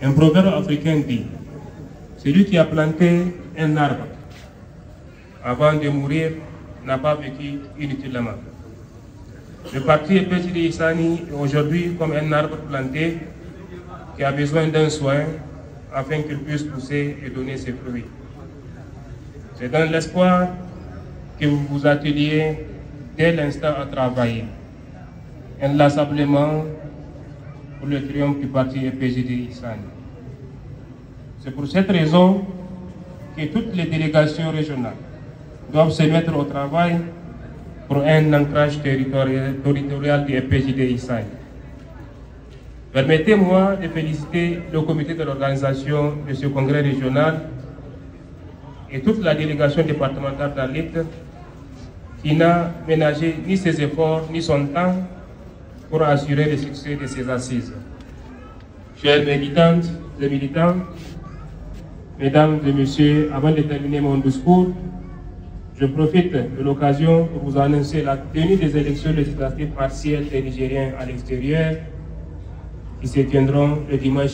Un proverbe africain dit Celui qui a planté un arbre avant de mourir n'a pas vécu inutilement. Le parti Petit issani est aujourd'hui comme un arbre planté qui a besoin d'un soin afin qu'il puisse pousser et donner ses fruits. C'est dans l'espoir que vous vous atteliez dès l'instant à travailler inlassablement pour le triomphe du parti EPGD Isani. C'est pour cette raison que toutes les délégations régionales doivent se mettre au travail pour un ancrage territorial, territorial du fpjd Permettez-moi de féliciter le comité de l'organisation de ce congrès régional et toute la délégation départementale d'Alit qui n'a ménagé ni ses efforts ni son temps pour assurer le succès de ces assises. Chers militantes militants, mesdames et messieurs, avant de terminer mon discours, je profite de l'occasion pour vous annoncer la tenue des élections législatives partielles des Nigériens à l'extérieur qui se tiendront le dimanche.